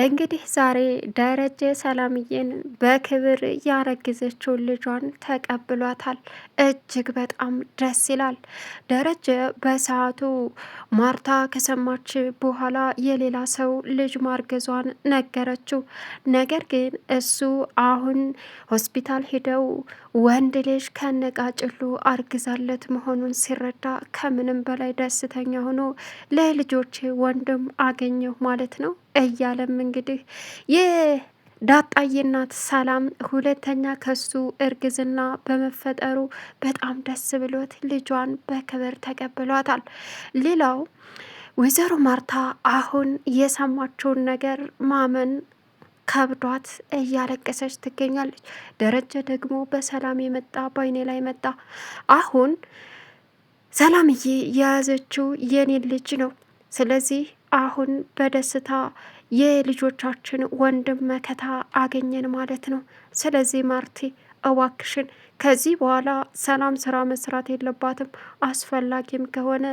እንግዲህ ዛሬ ደረጀ ሰላምዬን በክብር ያረግዘችው ልጇን ተቀብሏታል። እጅግ በጣም ደስ ይላል። ደረጀ በሰዓቱ ማርታ ከሰማች በኋላ የሌላ ሰው ልጅ ማርገዟን ነገረችው። ነገር ግን እሱ አሁን ሆስፒታል ሄደው ወንድ ልጅ ከነቃጭሉ አርግዛለት መሆኑን ሲረዳ ከምንም በላይ ደስተኛ ሆኖ ለልጆቼ ወንድም አገኘሁ ማለት ነው እያለም እንግዲህ ዳጣዬ እናት ሰላም ሁለተኛ ከሱ እርግዝና በመፈጠሩ በጣም ደስ ብሎት ልጇን በክብር ተቀብሏታል። ሌላው ወይዘሮ ማርታ አሁን የሰማችውን ነገር ማመን ከብዷት እያለቀሰች ትገኛለች። ደረጀ ደግሞ በሰላም የመጣ በአይኔ ላይ መጣ። አሁን ሰላምዬ የያዘችው የኔ ልጅ ነው። ስለዚህ አሁን በደስታ የልጆቻችን ወንድም መከታ አገኘን ማለት ነው። ስለዚህ ማርቴ እዋክሽን ከዚህ በኋላ ሰላም ስራ መስራት የለባትም። አስፈላጊም ከሆነ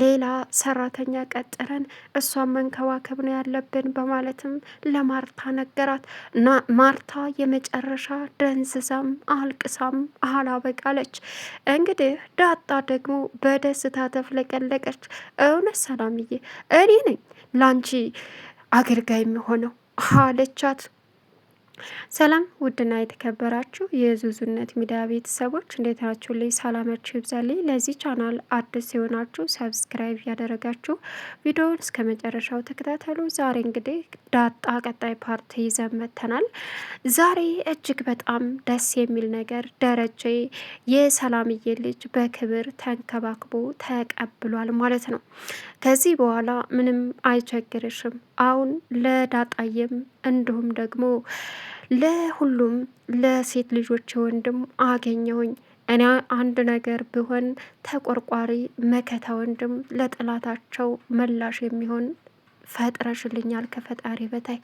ሌላ ሰራተኛ ቀጥረን እሷን መንከባከብ ነው ያለብን በማለትም ለማርታ ነገራት። ማርታ የመጨረሻ ደንዝዛም አልቅሳም አላበቃለች። እንግዲህ ዳጣ ደግሞ በደስታ ተፍለቀለቀች። እውነት ሰላምዬ እኔ ነኝ ላንቺ አገልጋይ የሚሆነው አለቻት። ሰላም ውድና የተከበራችሁ የዙዙነት ሚዲያ ቤተሰቦች እንዴት ናችሁ? ልይ ሰላማችሁ ይብዛልኝ። ለዚህ ቻናል አዲስ የሆናችሁ ሰብስክራይብ ያደረጋችሁ ቪዲዮውን እስከ መጨረሻው ተከታተሉ። ዛሬ እንግዲህ ዳጣ ቀጣይ ፓርት ይዘን መጥተናል። ዛሬ እጅግ በጣም ደስ የሚል ነገር ደረጀ የሰላምዬ ልጅ በክብር ተንከባክቦ ተቀብሏል ማለት ነው። ከዚህ በኋላ ምንም አይቸግርሽም፣ አሁን ለዳጣየም እንዲሁም ደግሞ ለሁሉም ለሴት ልጆች ወንድም አገኘሁኝ። እኔ አንድ ነገር ብሆን ተቆርቋሪ መከታ ወንድም፣ ለጠላታቸው መላሽ የሚሆን ፈጥረሽልኛል ከፈጣሪ በታይ።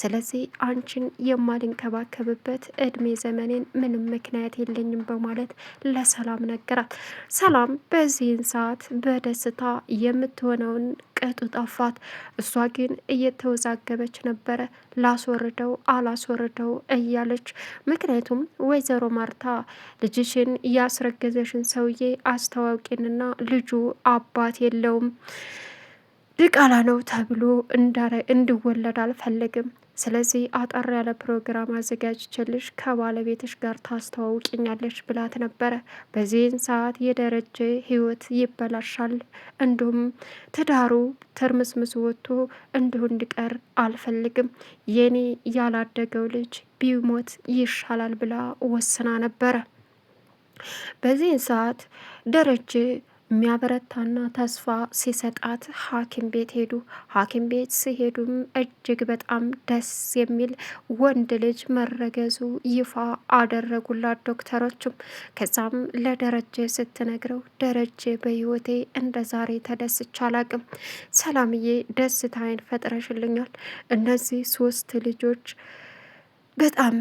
ስለዚህ አንቺን የማልንከባከብበት እድሜ ዘመኔን ምንም ምክንያት የለኝም በማለት ለሰላም ነገራት። ሰላም በዚህን ሰዓት በደስታ የምትሆነውን ቅጡ ጠፋት። እሷ ግን እየተወዛገበች ነበረ፣ ላስወርደው አላስወርደው እያለች ምክንያቱም ወይዘሮ ማርታ ልጅሽን ያስረገዘሽን ሰውዬ አስተዋውቂንና ልጁ አባት የለውም ድቃላ ነው ተብሎ እንዲወለድ አልፈልግም። ስለዚህ አጠር ያለ ፕሮግራም አዘጋጅቼልሽ ከባለቤትሽ ጋር ታስተዋውቂኛለሽ ብላት ነበረ። በዚህን ሰዓት የደረጀ ህይወት ይበላሻል፣ እንዲሁም ትዳሩ ትርምስምስ ወጥቶ እንዲሁ እንዲቀር አልፈልግም፣ የኔ ያላደገው ልጅ ቢሞት ይሻላል ብላ ወስና ነበረ። በዚህን ሰዓት ደረጀ የሚያበረታና ተስፋ ሲሰጣት ሐኪም ቤት ሄዱ። ሐኪም ቤት ሲሄዱም እጅግ በጣም ደስ የሚል ወንድ ልጅ መረገዙ ይፋ አደረጉላት ዶክተሮችም ከዛም ለደረጀ ስትነግረው ደረጀ በህይወቴ እንደ ዛሬ ተደስቻ አላቅም፣ ሰላምዬ ደስታዬን ፈጥረሽልኛል። እነዚህ ሶስት ልጆች በጣም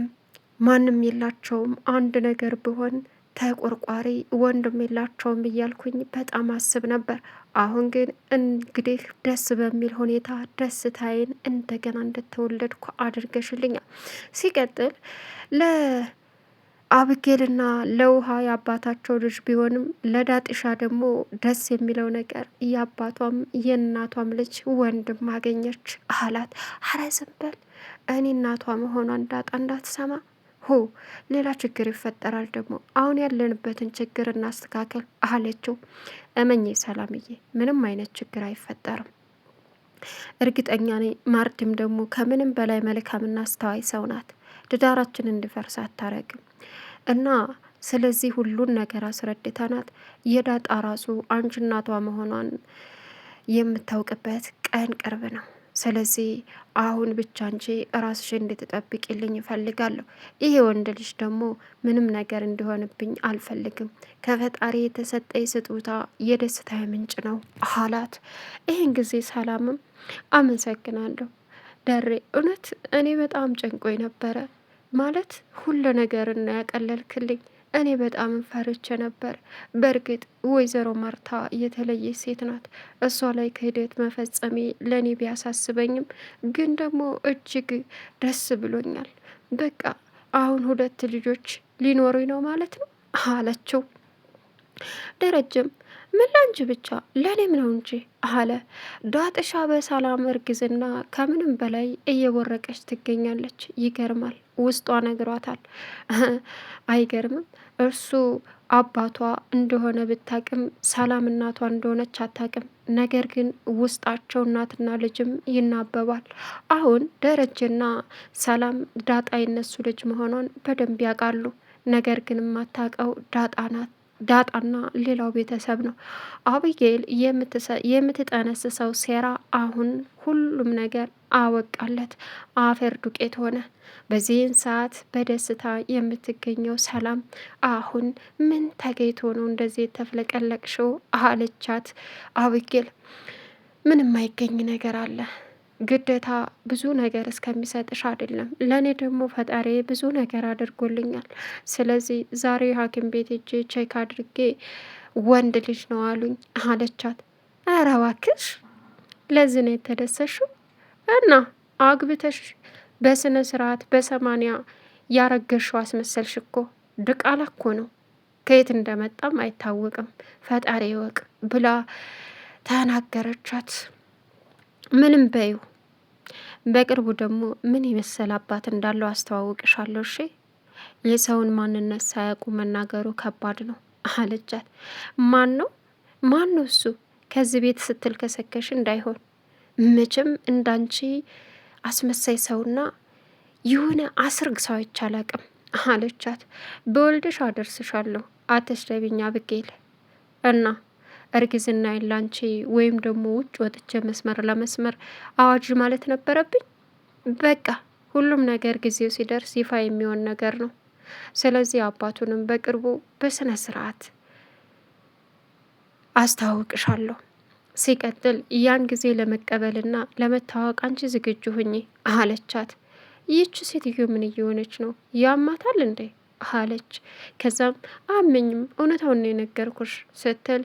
ማንም የላቸውም። አንድ ነገር ብሆን ተቆርቋሪ ወንድም የላቸውም እያልኩኝ በጣም አስብ ነበር። አሁን ግን እንግዲህ ደስ በሚል ሁኔታ ደስታዬን እንደገና እንደተወለድኩ አድርገሽልኛል። ሲቀጥል ለአብጌልና ለውሃ የአባታቸው ልጅ ቢሆንም ለዳጢሻ ደግሞ ደስ የሚለው ነገር የአባቷም የእናቷም ልጅ ወንድም አገኘች አላት። አረ ዝም በል እኔ እናቷ መሆኗ እንዳጣ እንዳትሰማ ሆ ሌላ ችግር ይፈጠራል ደግሞ አሁን ያለንበትን ችግር እናስተካከል አለችው። እመኝ ሰላምዬ፣ ምንም አይነት ችግር አይፈጠርም እርግጠኛ ነኝ። ማርድም ደግሞ ከምንም በላይ መልካምና አስተዋይ ሰው ናት። ትዳራችን እንዲፈርስ አታረግም እና ስለዚህ ሁሉን ነገር አስረድተናት የዳጣ ራሱ አንቺ እናቷ መሆኗን የምታውቅበት ቀን ቅርብ ነው። ስለዚህ አሁን ብቻ አንቺ ራስሽ እንድትጠብቅልኝ እፈልጋለሁ። ይሄ ወንድ ልጅ ደግሞ ምንም ነገር እንዲሆንብኝ አልፈልግም። ከፈጣሪ የተሰጠኝ ስጦታ የደስታ ምንጭ ነው አላት። ይህን ጊዜ ሰላምም አመሰግናለሁ ደሬ፣ እውነት እኔ በጣም ጨንቆኝ ነበረ ማለት ሁሉ ነገርን ያቀለልክልኝ እኔ በጣም ፈርቼ ነበር። በእርግጥ ወይዘሮ ማርታ የተለየ ሴት ናት። እሷ ላይ ክህደት መፈጸሜ ለእኔ ቢያሳስበኝም ግን ደግሞ እጅግ ደስ ብሎኛል። በቃ አሁን ሁለት ልጆች ሊኖሩኝ ነው ማለት ነው አለችው። ደረጀም ምን ላንቺ ብቻ ለእኔም ነው እንጂ አለ ዳጥሻ። በሰላም እርግዝና ከምንም በላይ እየቦረቀች ትገኛለች። ይገርማል፣ ውስጧ ነግሯታል። አይገርምም? እርሱ አባቷ እንደሆነ ብታቅም ሰላም እናቷ እንደሆነች አታቅም። ነገር ግን ውስጣቸው እናትና ልጅም ይናበባል። አሁን ደረጀና ሰላም ዳጣ የነሱ ልጅ መሆኗን በደንብ ያውቃሉ። ነገር ግን የማታውቀው ዳጣ ናት። ዳጣና ሌላው ቤተሰብ ነው። አብጌል የምትጠነስሰው ሴራ አሁን ሁሉም ነገር አወቃለት፣ አፈር ዱቄት ሆነ። በዚህን ሰዓት በደስታ የምትገኘው ሰላም አሁን ምን ተገይቶ ነው እንደዚህ የተፍለቀለቅሽው? አለቻት አብጌል። ምንም አይገኝ ነገር አለ ግዴታ ብዙ ነገር እስከሚሰጥሽ አይደለም። ለእኔ ደግሞ ፈጣሪ ብዙ ነገር አድርጎልኛል። ስለዚህ ዛሬ ሐኪም ቤት ሄጄ ቼክ አድርጌ ወንድ ልጅ ነው አሉኝ አለቻት። ኧረ እባክሽ ለዚህ ነው የተደሰሽው? እና አግብተሽ በስነ ስርዓት በሰማንያ ያረገሽው አስመሰልሽ እኮ ድቃላ እኮ ነው። ከየት እንደመጣም አይታወቅም ፈጣሪ ይወቅ ብላ ተናገረቻት። ምንም በይው። በቅርቡ ደግሞ ምን የመሰለ አባት እንዳለው አስተዋውቅሻለሁ። እሺ፣ የሰውን ማንነት ሳያውቁ መናገሩ ከባድ ነው አለቻት። ማን ነው ማን ነው እሱ? ከዚህ ቤት ስትል ከሰከሽ እንዳይሆን መቼም እንዳንቺ አስመሳይ ሰውና የሆነ አስርግ ሰው አይቻላቅም አለቻት። በወልድሽ አደርስሻለሁ አተሽ ብጌል እና እርግዝና የላንቺ ወይም ደግሞ ውጭ ወጥቼ መስመር ለመስመር አዋጅ ማለት ነበረብኝ። በቃ ሁሉም ነገር ጊዜው ሲደርስ ይፋ የሚሆን ነገር ነው። ስለዚህ አባቱንም በቅርቡ በስነ ስርዓት አስተዋውቅሻለሁ። ሲቀጥል ያን ጊዜ ለመቀበልና ለመታወቅ አንቺ ዝግጁ ሁኚ አለቻት። ይህች ሴትዮ ምን እየሆነች ነው? ያማታል እንዴ? አለች። ከዛም አመኝም እውነታውን ነው የነገርኩሽ ስትል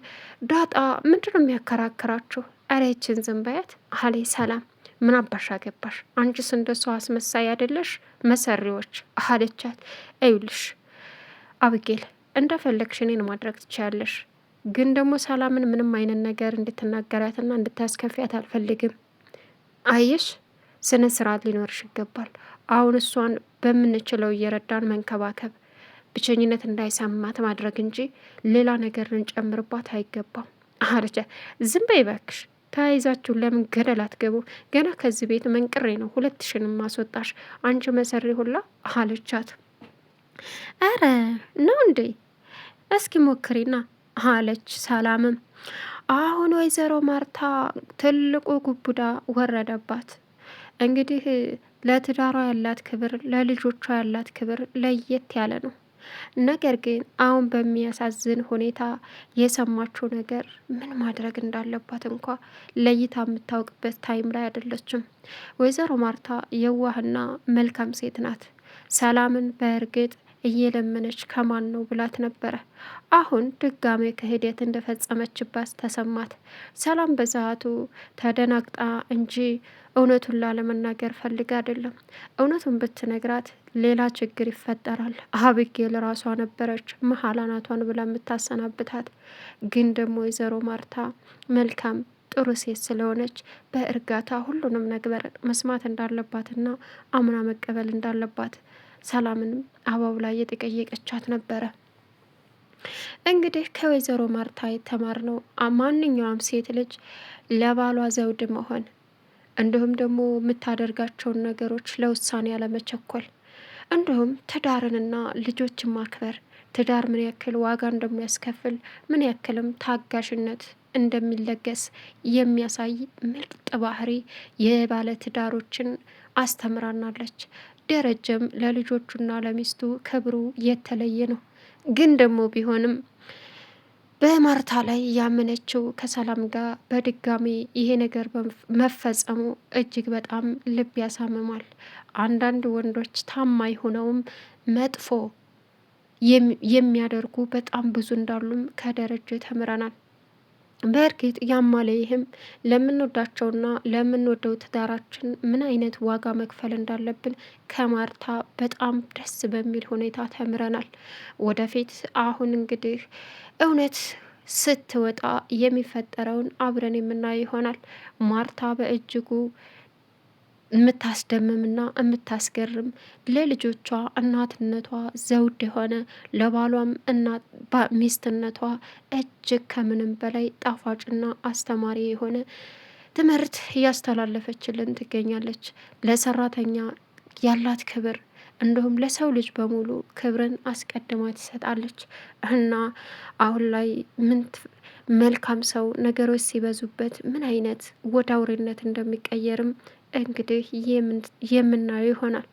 ዳጣ ምንድነው የሚያከራክራችሁ? እሬችን ዝንባያት አሌ ሰላም ምን አባሻ ገባሽ አንቺስ እንደ ሰው አስመሳይ አይደለሽ መሰሪዎች አለቻት። እዩልሽ አብጌል እንደፈለግሽ እኔን ማድረግ ትችያለሽ፣ ግን ደግሞ ሰላምን ምንም አይነት ነገር እንድትናገራትና እንድታስከፊያት አልፈልግም። አየሽ ስነ ስርዓት ሊኖርሽ ይገባል። አሁን እሷን በምንችለው እየረዳን መንከባከብ ብቸኝነት እንዳይሰማት ማድረግ እንጂ ሌላ ነገር ልንጨምርባት አይገባም አለቻ። ዝም በይ እባክሽ፣ ተያይዛችሁ ለምን ገደል አትገቡ? ገና ከዚህ ቤት መንቅሬ ነው ሁለት ሽን ማስወጣሽ አንቺ መሰሪ ሁላ አለቻት። አረ ነው እንዴ? እስኪ ሞክሪና አለች ሰላምም። አሁን ወይዘሮ ማርታ ትልቁ ጉቡዳ ወረደባት። እንግዲህ ለትዳሯ ያላት ክብር፣ ለልጆቿ ያላት ክብር ለየት ያለ ነው። ነገር ግን አሁን በሚያሳዝን ሁኔታ የሰማችው ነገር ምን ማድረግ እንዳለባት እንኳ ለይታ የምታውቅበት ታይም ላይ አይደለችም። ወይዘሮ ማርታ የዋህና መልካም ሴት ናት። ሰላምን በእርግጥ እየለመነች ከማን ነው ብላት ነበረ። አሁን ድጋሜ ክህደት እንደፈጸመችባት ተሰማት። ሰላም በሰዓቱ ተደናግጣ እንጂ እውነቱን ላለመናገር ፈልግ አይደለም። እውነቱን ብትነግራት ሌላ ችግር ይፈጠራል። አብጌል ራሷ ነበረች መሀል አናቷን ብላ የምታሰናብታት። ግን ደግሞ ወይዘሮ ማርታ መልካም ጥሩ ሴት ስለሆነች በእርጋታ ሁሉንም ነግበር መስማት እንዳለባትና አምና መቀበል እንዳለባት ሰላምንም አበቡ ላይ የጠየቀቻት ነበረ። እንግዲህ ከወይዘሮ ማርታ የተማርነው ማንኛውም ሴት ልጅ ለባሏ ዘውድ መሆን እንዲሁም ደግሞ የምታደርጋቸውን ነገሮች ለውሳኔ ያለመቸኮል፣ እንዲሁም ትዳርንና ልጆችን ማክበር፣ ትዳር ምን ያክል ዋጋ እንደሚያስከፍል ምን ያክልም ታጋሽነት እንደሚለገስ የሚያሳይ ምርጥ ባህሪ የባለ ትዳሮችን አስተምራናለች። ደረጀም ለልጆቹና ለሚስቱ ክብሩ የተለየ ነው። ግን ደግሞ ቢሆንም በማርታ ላይ ያመነችው ከሰላም ጋር በድጋሚ ይሄ ነገር መፈጸሙ እጅግ በጣም ልብ ያሳምማል። አንዳንድ ወንዶች ታማኝ ሆነውም መጥፎ የሚያደርጉ በጣም ብዙ እንዳሉም ከደረጀ ተምረናል። በእርግጥ ያማለ ይህም ለምንወዳቸውና ለምንወደው ትዳራችን ምን አይነት ዋጋ መክፈል እንዳለብን ከማርታ በጣም ደስ በሚል ሁኔታ ተምረናል። ወደፊት አሁን እንግዲህ እውነት ስትወጣ የሚፈጠረውን አብረን የምናየው ይሆናል። ማርታ በእጅጉ የምታስደምምና የምታስገርም ለልጆቿ እናትነቷ ዘውድ የሆነ ለባሏም ሚስትነቷ እጅግ ከምንም በላይ ጣፋጭና አስተማሪ የሆነ ትምህርት እያስተላለፈችልን ትገኛለች። ለሰራተኛ ያላት ክብር እንዲሁም ለሰው ልጅ በሙሉ ክብርን አስቀድማ ትሰጣለች እና አሁን ላይ ምን መልካም ሰው ነገሮች ሲበዙበት ምን አይነት ወደ አውሬነት እንደሚቀየርም እንግዲህ የምናየው ይሆናል።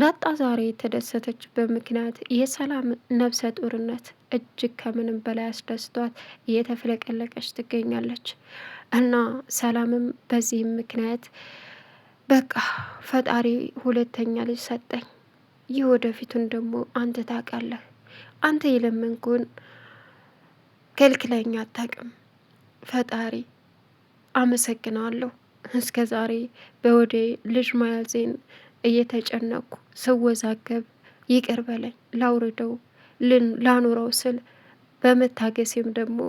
ዳጣ ዛሬ የተደሰተችበት ምክንያት የሰላም ነፍሰ ጡርነት እጅግ ከምንም በላይ አስደስቷት እየተፍለቀለቀች ትገኛለች። እና ሰላምም በዚህም ምክንያት በቃ ፈጣሪ ሁለተኛ ልጅ ሰጠኝ፣ ይህ ወደፊቱን ደግሞ አንተ ታውቃለህ፣ አንተ የለመንኩን ከልክለኛ አታውቅም፣ ፈጣሪ አመሰግናለሁ እስከ ዛሬ በወዴ ልጅ መያዜን እየተጨነኩ ስወዛገብ ይቅር በለኝ ላውርደው ላኑረው ስል በመታገሴም ደግሞ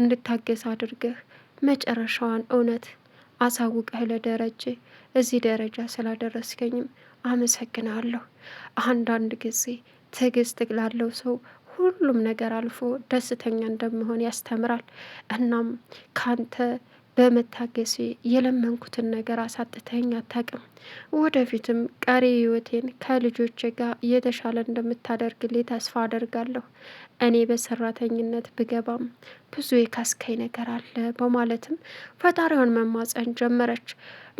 እንድታገስ አድርገህ መጨረሻዋን እውነት አሳውቀህ ለደረጀ እዚህ ደረጃ ስላደረስከኝም አመሰግናለሁ። አንዳንድ ጊዜ ትዕግስት ላለው ሰው ሁሉም ነገር አልፎ ደስተኛ እንደመሆን ያስተምራል። እናም ካንተ በመታገሴ የለመንኩትን ነገር አሳጥተኝ አታቅም። ወደፊትም ቀሪ ህይወቴን ከልጆቼ ጋር የተሻለ እንደምታደርግልኝ ተስፋ አደርጋለሁ። እኔ በሰራተኝነት ብገባም ብዙ የካስካይ ነገር አለ በማለትም ፈጣሪዋን መማፀን ጀመረች።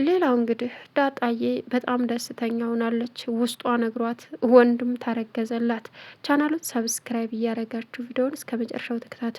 ሌላው እንግዲህ ዳጣዬ በጣም ደስተኛ ሆናለች። ውስጧ ነግሯት ወንድም ተረገዘላት። ቻናሉን ሰብስክራይብ እያደረጋችሁ ቪዲዮውን እስከ መጨረሻው ተከታተሉ።